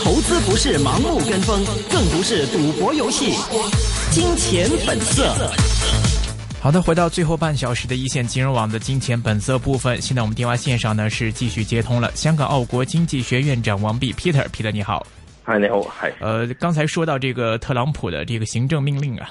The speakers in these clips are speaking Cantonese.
投資不是盲目跟風，更不是賭博遊戲。金錢本色。好的，回到最後半小時的一線金融網的金錢本色部分。現在我們電話綫上呢是繼續接通了。香港奧國經濟學院院長王弼 Peter，Peter 你好。嗨，你好。嗨。呃，剛才說到這個特朗普的這個行政命令啊。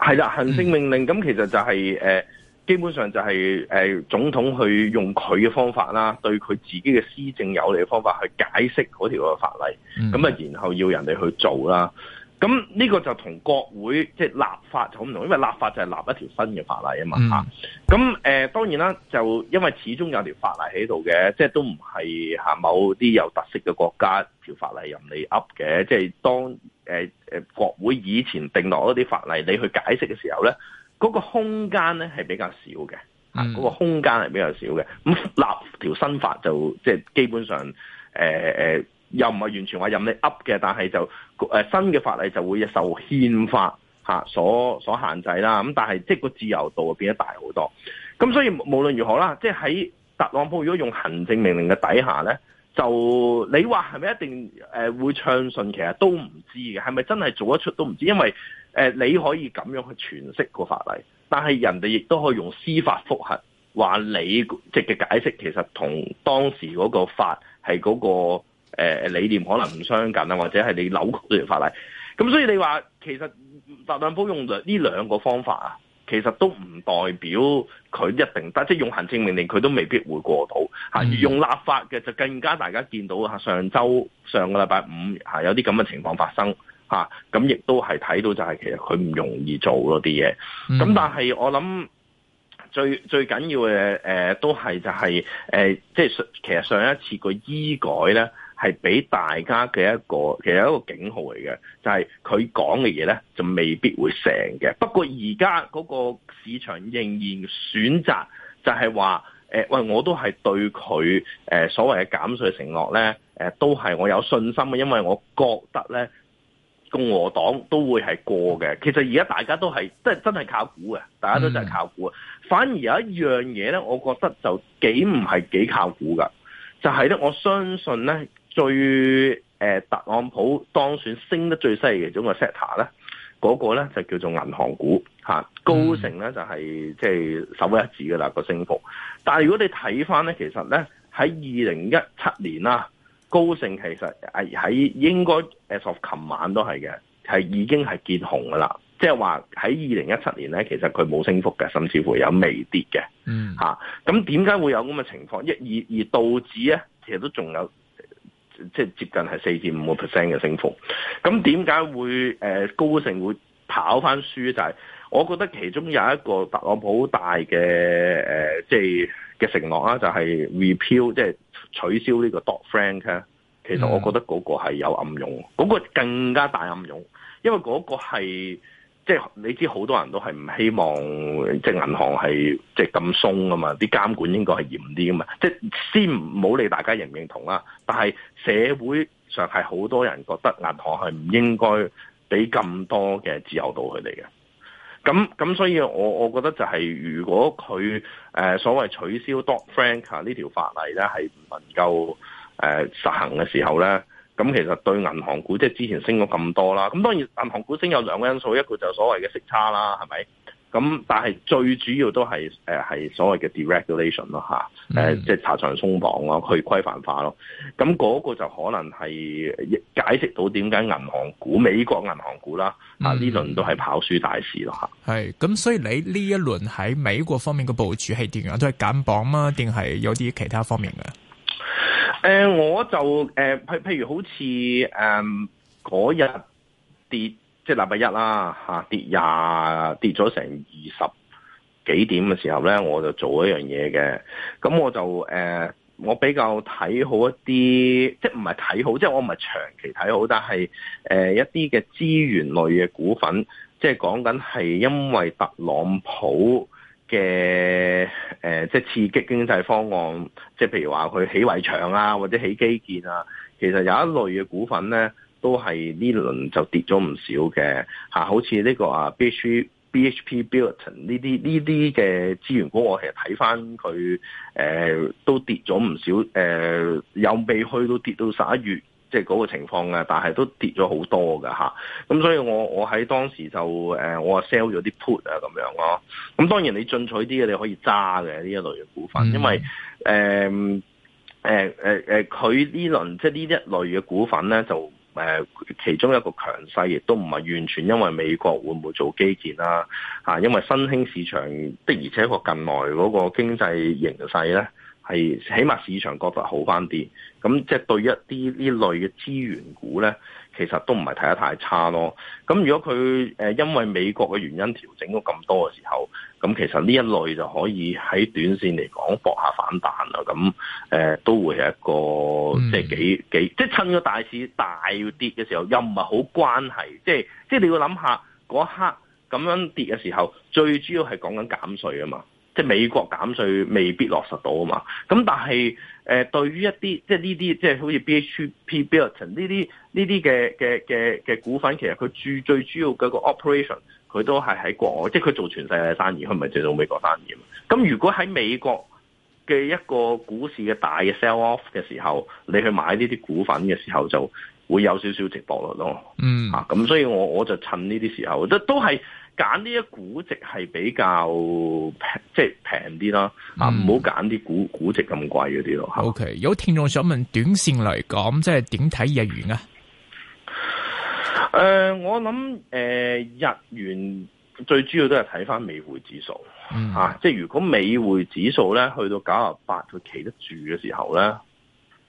係啦、啊、行政命令，咁其實就係呃、嗯基本上就係、是、誒、呃、總統去用佢嘅方法啦，對佢自己嘅施政有利嘅方法去解釋嗰條嘅法例，咁、嗯、啊然後要人哋去做啦。咁、嗯、呢、這個就同國會即係立法就好唔同，因為立法就係立一條新嘅法例啊嘛。吓咁誒，當然啦，就因為始終有條法例喺度嘅，即係都唔係吓某啲有特色嘅國家條法例任你 up 嘅。即係當誒誒、呃、國會以前定落嗰啲法例，你去解釋嘅時候咧。嗰、那個空間咧係比較少嘅，嗰、那個空間係比較少嘅。咁立條新法就即係基本上，誒、呃、又唔係完全話任你噏嘅，但係就、呃、新嘅法例就會受憲法、啊、所所限制啦。咁但係即係個自由度會變得大好多。咁所以無論如何啦，即係喺特朗普如果用行政命令嘅底下咧，就你話係咪一定誒、呃、會暢順，其實都唔知嘅，係咪真係做得出都唔知，因為，你可以咁樣去詮釋個法例，但係人哋亦都可以用司法複核話你即嘅解釋其實同當時嗰個法係嗰、嗰個、呃、理念可能唔相近啦，或者係你扭曲咗條法例。咁所以你話其實特朗普用呢兩個方法啊，其實都唔代表佢一定得，即係用行政命令佢都未必會過到吓，而用立法嘅就更加大家見到吓，上週，上個禮拜五，有啲咁嘅情況發生。啊，咁亦都係睇到就係其實佢唔容易做嗰啲嘢，咁但係我諗最最緊要嘅誒、呃、都係就係、誒呃、即係其實上一次個醫改咧，係俾大家嘅一個其實一個警號嚟嘅，就係佢講嘅嘢咧就未必會成嘅。不過而家嗰個市場仍然選擇就係話、呃、喂我都係對佢、呃、所謂嘅減稅承諾咧、呃、都係我有信心嘅，因為我覺得咧。共和黨都會係過嘅，其實而家大家都係即係真係靠估嘅，大家都真係靠估。啊、嗯。反而有一樣嘢咧，我覺得就幾唔係幾靠估噶，就係咧，我相信咧最誒、呃、特朗普當選升得最犀利嘅種嘅 sector 咧，嗰、那個咧就叫做銀行股嚇，高盛咧就係即係首屈一指噶啦個升幅。但係如果你睇翻咧，其實咧喺二零一七年啦、啊。高盛其實係喺應該 as of 琴晚都係嘅，係已經係見紅噶啦，即係話喺二零一七年咧，其實佢冇升幅嘅，甚至乎有微跌嘅。嗯、mm. 啊，咁點解會有咁嘅情況？而而道指咧，其實都仲有即係接近係四至五個 percent 嘅升幅。咁點解會、呃、高盛會跑翻輸？就係、是、我覺得其中有一個特朗普好大嘅即係。呃就是嘅承諾啊，就係、是、repeal 即係取消呢、這個 Dodd-Frank 其實我覺得嗰個係有暗湧嗰，那個更加大暗湧，因為嗰個係即係你知好多人都係唔希望即係銀行係即係咁鬆啊嘛，啲監管應該係嚴啲噶嘛，即、就、係、是、先唔好理大家認唔認同啦，但係社會上係好多人覺得銀行係唔應該俾咁多嘅自由度佢哋嘅。咁咁，所以我我覺得就係，如果佢誒、呃、所謂取消 Dodd-Frank 呢條法例咧，係唔能夠誒、呃、實行嘅時候咧，咁其實對銀行股，即係之前升咗咁多啦，咁當然銀行股升有兩個因素，一個就所謂嘅息差啦，係咪？咁但係最主要都係誒係所謂嘅 deregulation 咯、嗯、吓，誒即係查場鬆綁咯，去規範化咯，咁嗰個就可能係解釋到點解銀行股、美國銀行股啦，啊呢輪都係跑輸大市囉。係、嗯，咁、啊、所以你呢一輪喺美國方面嘅部署係點樣？都係減磅嗎？定係有啲其他方面嘅？誒、呃、我就誒、呃、譬譬如好似誒嗰日跌。呃即係禮拜一啦、啊，下跌廿跌咗成二十幾點嘅時候咧，我就做一樣嘢嘅。咁我就誒、呃，我比較睇好一啲，即係唔係睇好，即係我唔係長期睇好，但係誒、呃、一啲嘅資源類嘅股份，即係講緊係因為特朗普嘅誒、呃，即係刺激經濟方案，即係譬如話佢起圍牆啊，或者起基建啊，其實有一類嘅股份咧。都係呢輪就跌咗唔少嘅吓，好似呢個啊 BH BHP Billiton 呢啲呢啲嘅資源股，我其實睇翻佢都跌咗唔少誒，又、呃、未去到跌到十一月，即係嗰個情況嘅，但係都跌咗好多㗎吓。咁、啊、所以我我喺當時就誒、呃、我 sell 咗啲 put 啊咁樣咯。咁當然你進取啲嘅你可以揸嘅呢一類嘅股份，嗯、因為誒誒誒佢呢輪即係呢一類嘅股份咧就。誒，其中一個強勢，亦都唔係完全因為美國會唔會做基建啦，嚇，因為新興市場的而且確近來嗰個經濟形勢咧，係起碼市場覺得好返啲，咁即係對一啲呢類嘅資源股咧。其實都唔係睇得太差咯。咁如果佢誒、呃、因為美國嘅原因調整咗咁多嘅時候，咁其實呢一類就可以喺短線嚟講博下反彈啦。咁誒、呃、都會係一個即係幾幾，即係趁咗大市大跌嘅時候，又唔係好關係。即係即係你要諗下嗰刻咁樣跌嘅時候，最主要係講緊減稅啊嘛。即係美國減稅未必落實到啊嘛，咁但係誒、呃、對於一啲即係呢啲即係好似 BHP Billiton、b i l d w i n 呢啲呢啲嘅嘅嘅嘅股份，其實佢最最主要嘅個 operation 佢都係喺國外，即係佢做全世界嘅生意，佢唔係淨係做美國生意，咁如果喺美國嘅一個股市嘅大嘅 sell off 嘅時候，你去買呢啲股份嘅時候，就會有少少值博咯，嗯、啊、咁所以我我就趁呢啲時候，都都係。揀呢一估值係比較平、就是嗯啊 okay,，即係平啲啦，啊唔好揀啲估值咁貴嗰啲咯。O K，有聽眾想問，短線嚟講，即係點睇日元啊？誒，我諗誒、呃，日元最主要都係睇翻美匯指數、嗯啊、即係如果美匯指數咧去到九十八，佢企得住嘅時候咧，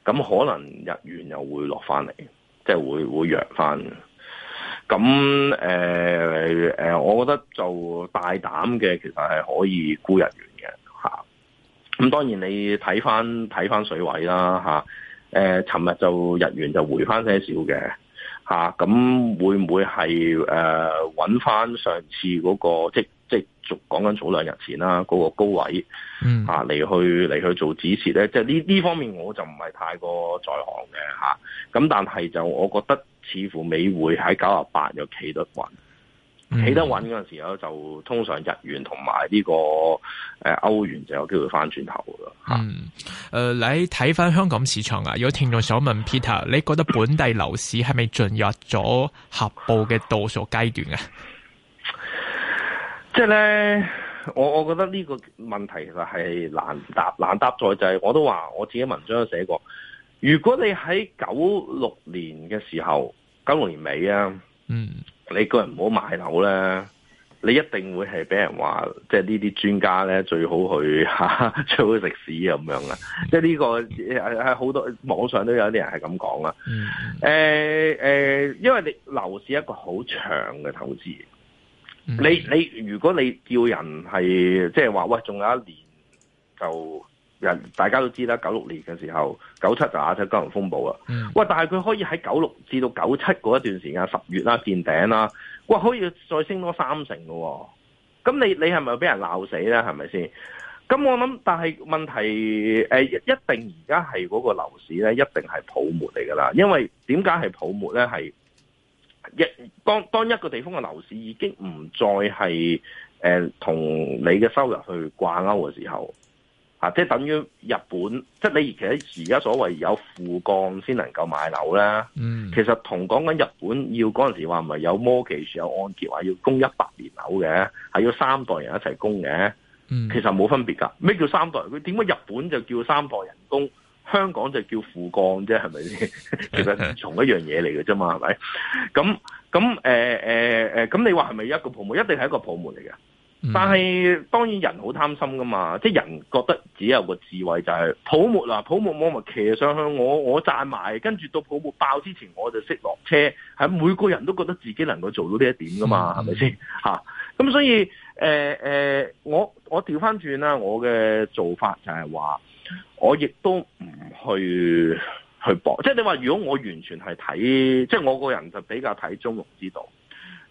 咁可能日元又會落翻嚟，即係會會弱翻。咁誒、呃、我覺得就大膽嘅，其實係可以沽日元嘅嚇。咁、啊、當然你睇翻睇翻水位啦嚇。尋、啊、日就日元就回翻些少嘅嚇。咁、啊、會唔會係誒揾翻上次嗰、那個即？做講緊早兩日前啦，嗰、那個高位嚇嚟、嗯啊、去嚟去做指示咧，即係呢呢方面我就唔係太過在行嘅嚇。咁、啊、但係就我覺得，似乎美匯喺九啊八又企得穩，企、嗯、得穩嗰陣時候就通常日元同埋呢個誒歐元就有機會翻轉頭噶啦嚇。嗯，呃、你睇翻香港市場啊，有聽眾想問 Peter，你覺得本地樓市係咪進入咗合報嘅倒數階段啊？即係咧，我我覺得呢個問題其實係難答難答在就係，我都話我自己文章都寫過，如果你喺九六年嘅時候，九六年尾啊，嗯，你個人唔好買樓咧，你一定會係俾人話，即係呢啲專家咧最好去，哈，最好去食屎咁樣啊！即係呢個好多網上都有啲人係咁講啦。誒，嗯，誒誒，因為你樓市一個好長嘅投資。Mm -hmm. 你你如果你叫人係即係話喂，仲有一年就人大家都知啦，九六年嘅時候，九七就亞洲金融風暴啦、mm -hmm. 啊啊。喂，但係佢可以喺九六至到九七嗰一段時間，十月啦見頂啦，喂可以再升多三成㗎、啊。咁你你係咪俾人鬧死咧？係咪先？咁我諗，但係問題誒、呃，一定而家係嗰個樓市咧，一定係泡沫嚟噶啦。因為點解係泡沫咧？係。當一個地方嘅樓市已經唔再係誒同你嘅收入去掛鈎嘅時候，啊，即等於日本，即係你而其實而家所謂有父幹先能夠買樓呢，嗯，其實同講緊日本要嗰陣時話唔係有 mortgage 有按揭，話要供一百年樓嘅，係要三代人一齊供嘅。其實冇分別㗎。咩叫三代人？佢點解日本就叫三代人供？香港就叫富降啫，係咪先？其實同一樣嘢嚟嘅啫嘛，係咪？咁咁誒誒誒，咁、呃呃、你話係咪一個泡沫？一定係一個泡沫嚟嘅。但係當然人好貪心噶嘛，即係人覺得只有個智慧就係、是、泡沫啦、啊，泡沫我咪騎上去，我我賺埋，跟住到泡沫爆之前我就識落車。係每個人都覺得自己能夠做到呢一點噶嘛，係咪先？吓咁、啊、所以誒誒、呃，我我調翻轉啦，我嘅做法就係話。我亦都唔去去搏，即係你話如果我完全係睇，即係我個人就比較睇中庸之道。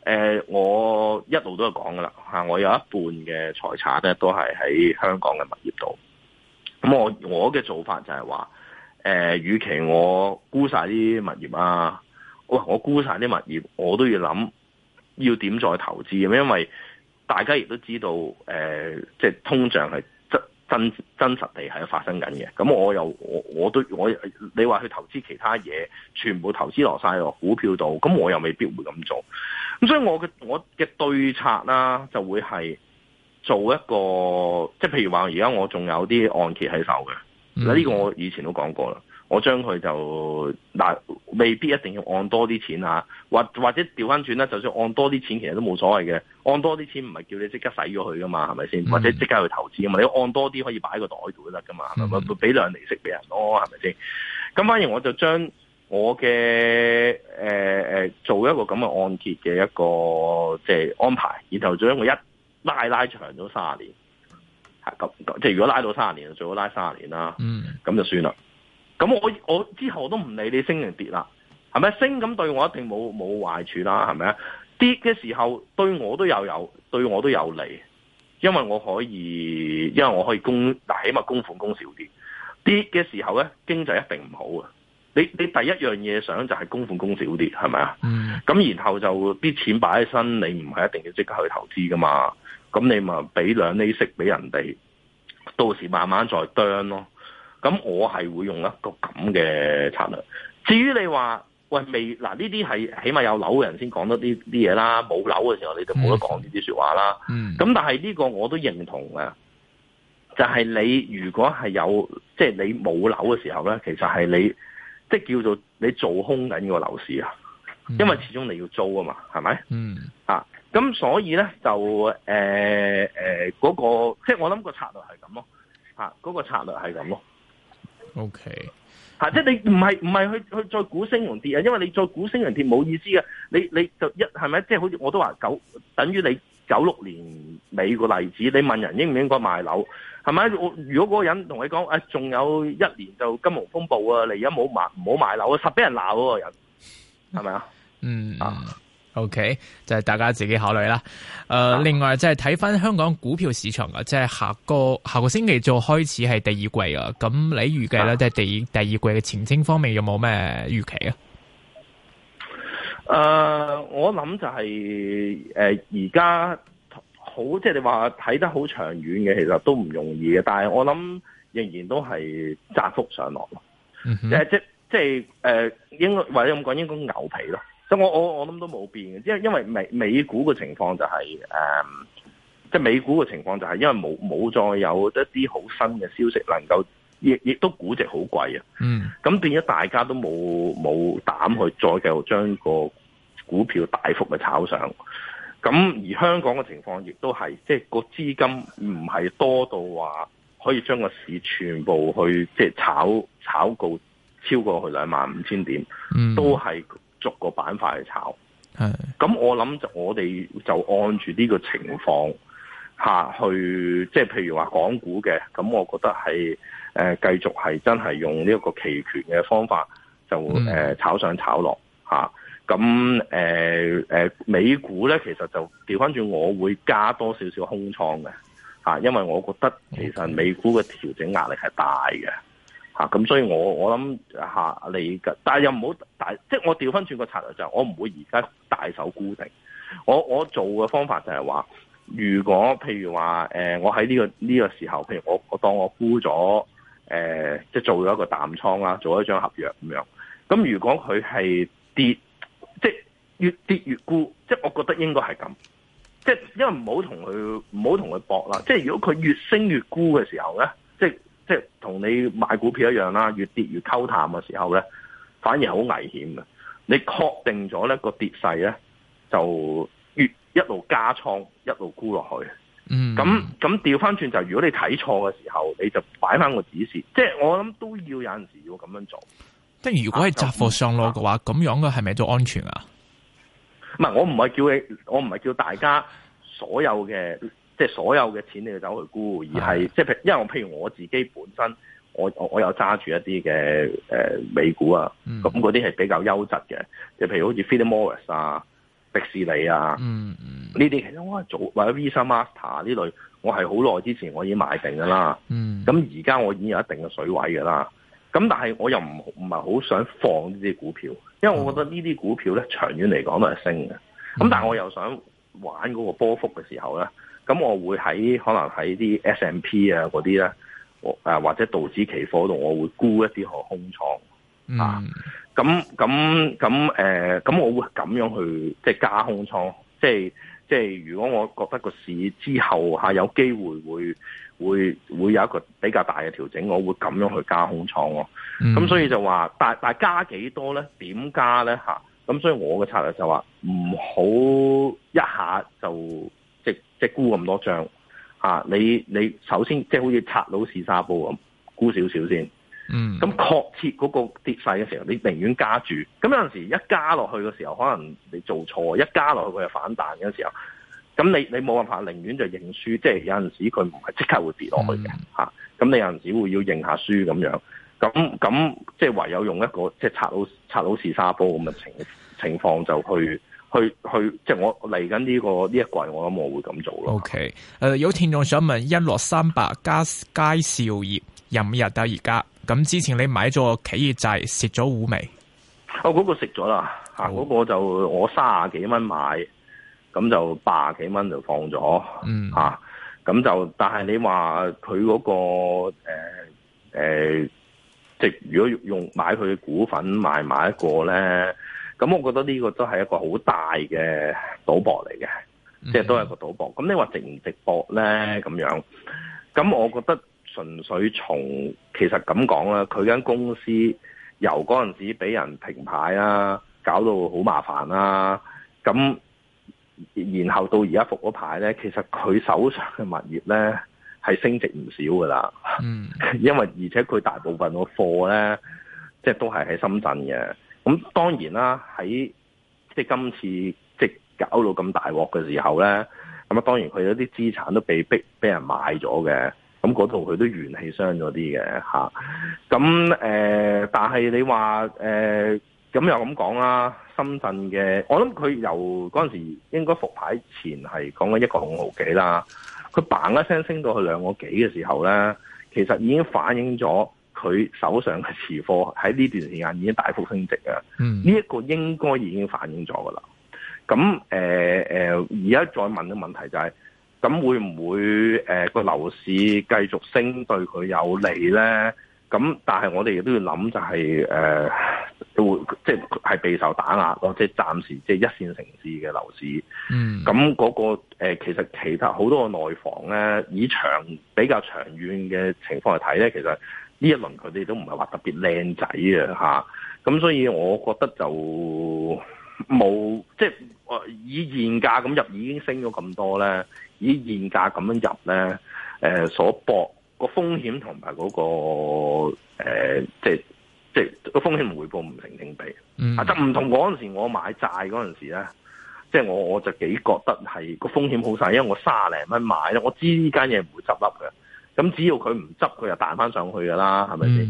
誒、呃，我一路都係講噶啦吓，我有一半嘅財產咧都係喺香港嘅物業度。咁我我嘅做法就係話，誒、呃，與其我沽晒啲物業啊，我沽晒啲物業，我都要諗要點再投資咁，因為大家亦都知道，誒、呃，即係通脹係。真真實地係發生緊嘅，咁我又我我都我你話去投資其他嘢，全部投資落曬落股票度，咁我又未必會咁做。咁所以我嘅我嘅對策啦，就會係做一個，即係譬如話，而家我仲有啲按揭喺手嘅，嗱、嗯、呢個我以前都講過啦。我將佢就嗱，未必一定要按多啲錢啊，或者或者調翻轉啦。就算按多啲錢，其實都冇所謂嘅。按多啲錢唔係叫你即刻使咗佢噶嘛，係咪先？Mm -hmm. 或者即刻去投資啊嘛。你按多啲可以擺個袋度得噶嘛，咪、mm、俾 -hmm. 兩厘息俾人咯，係咪先？咁反而我就將我嘅誒、呃、做一個咁嘅按揭嘅一個即係、就是、安排，然後將後我一,一，拉拉長咗三十年，咁即係如果拉到三十年，最好拉三十年啦。咁、mm -hmm. 就算啦。咁我我之後都唔理你升定跌啦，係咪？升咁對我一定冇冇壞處啦，係咪啊？跌嘅時候對我都有有，對我都有利，因為我可以因為我可以供，但起碼供款供少啲，跌嘅時候咧經濟一定唔好啊！你你第一樣嘢，想就係供款供少啲，係咪啊？嗯。咁然後就啲錢擺喺身，你唔係一定要即刻去投資噶嘛？咁你咪俾兩厘息俾人哋，到時慢慢再啄咯。咁我係會用一個咁嘅策略。至於你話喂，未，嗱呢啲係起碼有樓嘅人先講得啲啲嘢啦，冇樓嘅時候你就冇得講呢啲說話啦。咁、嗯、但係呢個我都認同嘅，就係、是、你如果係有即係、就是、你冇樓嘅時候咧，其實係你即係、就是、叫做你做空緊個樓市啊、嗯，因為始終你要租啊嘛，係咪？嗯咁、啊、所以咧就誒誒嗰個即係我諗、啊那個策略係咁咯，吓嗰個策略係咁咯。O K，吓即係你唔係唔係去去再估升人跌啊？因為你再估升人跌冇意思嘅，你你就一係咪？即係好似我都話九等於你九六年尾個例子，你問人應唔應該買樓？係咪？我如果嗰個人同你講誒，仲、哎、有一年就金融風暴啊，你而家冇買唔好買樓啊，實俾人鬧嗰個人，係咪啊？是是嗯啊。OK，就係大家自己考慮啦。誒、呃啊，另外即係睇翻香港股票市場啊，即係下個下個星期就開始係第二季啊。咁你預計咧，即係第第二季嘅前景方面有冇咩預期啊？誒、呃，我諗就係誒，而家好即係你話睇得好長遠嘅，其實都唔容易嘅。但係我諗仍然都係窄幅上落咯。誒、嗯，即即係誒、呃，應該或者咁講，應該牛皮咯。咁我我我諗都冇變，因因為美美股嘅情況就係誒，即係美股嘅情況就係因為冇冇再有一啲好新嘅消息能夠，亦亦都估值好貴啊。嗯。咁變咗大家都冇冇膽去再繼續將個股票大幅嘅炒上。咁而香港嘅情況亦都係，即係個資金唔係多到話可以將個市全部去即係炒炒高超過去兩萬五千點，都係。嗯逐個板塊去炒，咁我諗就我哋就按住呢個情況嚇、啊、去，即係譬如話港股嘅，咁我覺得係誒繼續係真係用呢一個期權嘅方法就誒、呃、炒上炒落嚇，咁誒誒美股咧其實就調返轉，我會加多少少空倉嘅嚇，因為我覺得其實美股嘅調整壓力係大嘅。吓咁，所以我我諗吓你嘅，但係又唔好大，即係我調翻轉個策略就係，我唔會而家大手沽定，我我做嘅方法就係話，如果譬如話誒、呃，我喺呢個呢個時候，譬如我我當我沽咗誒、呃，即係做咗一個淡倉啦，做咗一張合約咁樣，咁如果佢係跌，即係越跌越沽，即係我覺得應該係咁，即係因為唔好同佢唔好同佢搏啦，即係如果佢越升越沽嘅時候咧，即係。即係同你買股票一樣啦，越跌越溝淡嘅時候咧，反而好危險嘅。你確定咗咧個跌勢咧，就越一路加倉一路沽落去。嗯，咁咁調翻轉就，如果你睇錯嘅時候，你就擺翻個指示。即係我諗都要有陣時要咁樣做。即係如果係雜貨上落嘅話，咁樣嘅係咪都安全啊？唔係，我唔係叫你，我唔係叫大家所有嘅。即係所有嘅錢你就走去沽，而係即係，因為我譬如我自己本身，我我我又揸住一啲嘅美股啊，咁嗰啲係比較優質嘅，就譬如好似 Philip Morris 啊、迪士尼啊，呢啲其實我做或者 Visa Master 呢類，我係好耐之前我已經買定噶啦。咁而家我已經有一定嘅水位噶啦。咁但係我又唔唔係好想放呢啲股票，因為我覺得呢啲股票咧長遠嚟講都係升嘅。咁、嗯、但係我又想玩嗰個波幅嘅時候咧，咁我會喺可能喺啲 S&P 啊嗰啲咧，或者道指期貨嗰度，我會沽一啲去空倉、嗯、啊。咁咁咁誒，咁、呃、我會咁樣去即係加空倉。即係即係，如果我覺得個市之後嚇、啊、有機會會會會有一個比較大嘅調整，我會咁樣去加空倉喎。咁、嗯、所以就話，但但加幾多咧？點加咧嚇？咁、啊、所以我嘅策略就話唔好一下就。即係沽咁多張，啊！你你首先即係好似拆佬試沙煲咁，沽少少先。嗯。咁確切嗰個跌勢嘅時候，你寧願加住。咁有陣時一加落去嘅時候，可能你做錯，一加落去佢又反彈嘅時候，咁你你冇辦法，寧願就認輸。即係有陣時佢唔係即刻會跌落去嘅，吓、嗯。咁、啊、你有陣時會要認下輸咁樣。咁咁即係唯有用一個即係拆佬拆佬是沙煲咁嘅情情況就去去去即係我嚟緊呢個呢一季，我諗我會咁做咯。OK，誒，有聽眾想問：一落三百加佳兆業，廿五日到而家，咁之前你買咗企業債蝕咗股未？我嗰、oh, 個蝕咗啦，吓，嗰、啊那個就我卅幾蚊買，咁就八十幾蚊就放咗，嗯，吓、啊，咁就但係你話佢嗰個誒誒。呃呃即係如果用買佢嘅股份買買一個咧，咁我覺得呢個都係一個好大嘅賭博嚟嘅，okay。即係都係個賭博。咁你話值唔值博咧？咁樣，咁我覺得純粹從其實咁講啦，佢間公司由嗰陣時俾人停牌啊，搞到好麻煩啦。咁然後到而家復咗牌咧，其實佢手上嘅物業咧。係升值唔少噶啦，嗯，因為而且佢大部分個貨咧，即係都係喺深圳嘅。咁當然啦，喺即係今次即係搞到咁大鑊嘅時候咧，咁啊當然佢有啲資產都被逼俾人買咗嘅，咁嗰度佢都元氣傷咗啲嘅吓。咁、啊、誒、呃，但係你話誒，咁、呃、又咁講啦，深圳嘅，我諗佢由嗰陣時應該復牌前係講緊一個五毫幾啦。佢嘭一聲升到去兩個幾嘅時候咧，其實已經反映咗佢手上嘅持貨喺呢段時間已經大幅升值啊！呢、嗯、一、這個應該已經反映咗噶啦。咁誒而家再問嘅問題就係、係，咁會唔會個樓、呃、市繼續升對佢有利咧？咁、嗯、但係我哋亦都要諗就係、係、誒。呃會即係備受打壓咯，即係暫時即係一線城市嘅樓市。嗯、mm. 嗰個，咁嗰個誒，其實其他好多個內房咧，以長比較長遠嘅情況嚟睇咧，其實呢一輪佢哋都唔係話特別靚仔嘅。吓、啊。咁所以我覺得就冇即係、呃、以現價咁入已經升咗咁多咧，以現價咁樣入咧，誒、呃、所博、個風險同埋嗰個誒即係。即係個風險回報唔成正比，啊、嗯！就唔同嗰陣時我買債嗰陣時咧，即係我我就幾覺得係個風險好細，因為我卅零蚊買咧，我知呢間嘢唔會執笠嘅，咁只要佢唔執，佢就彈翻上去噶啦，係咪先？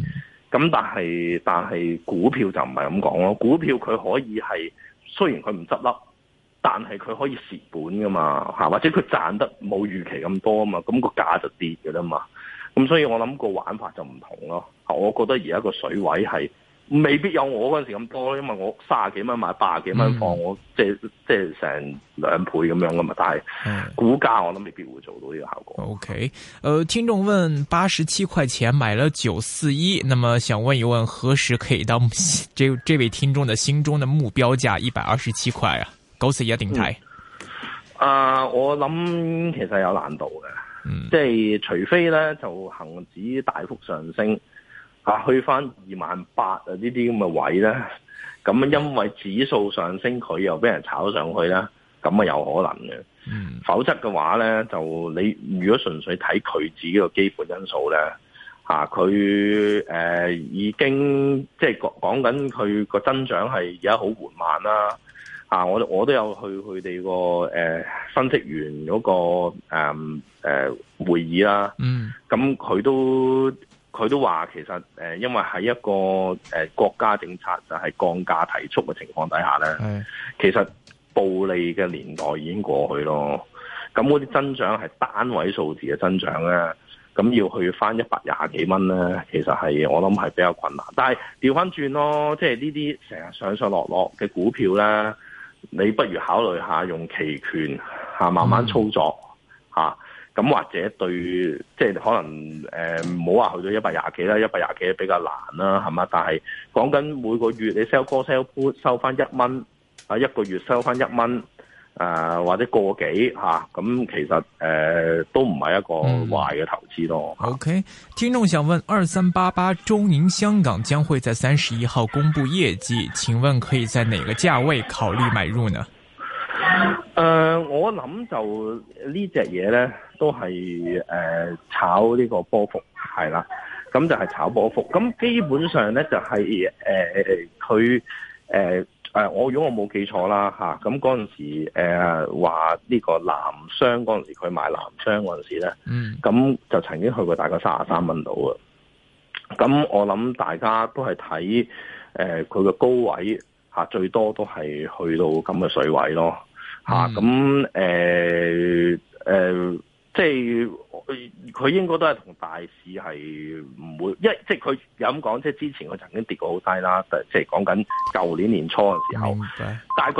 咁、嗯、但係但係股票就唔係咁講咯，股票佢可以係雖然佢唔執笠，但係佢可以蝕本噶嘛，嚇或者佢賺得冇預期咁多啊嘛，咁個價就跌噶啦嘛。咁、嗯、所以我諗個玩法就唔同咯，我覺得而家個水位係未必有我嗰時咁多咯，因為我卅幾蚊買八十幾蚊放，我即即係成兩倍咁樣噶嘛，但係股價我諗未必會做到呢個效果。OK，呃，聽眾問八十七塊錢買咗九四一，那麼想問一問，何時可以到這位聽眾的心中的目標價一百二十七塊啊？九四一定睇？啊、嗯呃，我諗其實有難度嘅。 即係除非咧，就恒指大幅上升，啊、去翻二萬八啊呢啲咁嘅位咧，咁因為指數上升，佢又俾人炒上去啦，咁啊有可能嘅。 否則嘅話咧，就你如果純粹睇佢自己個基本因素咧，吓佢誒已經即係講緊佢個增長係而家好緩慢啦。啊！我我都有去佢哋、呃那個誒分析員嗰個誒誒會議啦。嗯。咁佢都佢都話，其實誒，因為喺一個誒國家政策就係降價提速嘅情況底下咧，其實暴利嘅年代已經過去咯。咁嗰啲增長係單位數字嘅增長咧，咁要去翻一百廿幾蚊咧，其實係我諗係比較困難。但係調翻轉咯，即係呢啲成日上上落落嘅股票咧。你不如考慮下用期權吓慢慢操作吓咁、啊、或者對即係可能誒，唔好話去到一百廿幾啦，一百廿幾比較難啦，係嘛？但係講緊每個月你 sell call sell put 收翻一蚊，啊一個月收翻一蚊。誒、呃，或者過幾吓，咁、啊嗯、其實誒、呃、都唔係一個壞嘅投資咯、嗯啊。OK，聽眾想問二三八八中銀香港將會在三十一號公布業績，請問可以在哪個價位考慮買入呢？誒、呃，我諗就呢隻嘢呢，都係誒、呃、炒呢個波幅係啦，咁就係炒波幅。咁基本上呢、就是，就係誒佢誒。我、呃、如果我冇記錯啦，咁嗰陣時，話、呃、呢個南商嗰陣時，時，佢買南商嗰陣時呢，咁就曾經去過大概三十三蚊度啊。咁我諗大家都係睇佢個高位、啊、最多都係去到咁嘅水位咯。咁、啊、誒、呃呃、即係。佢、嗯、佢應該都係同大市係唔會，因為即係佢有咁講，即係之前佢曾經跌過好低啦，即係講緊舊年年初嘅時候，但、嗯、係佢。嗯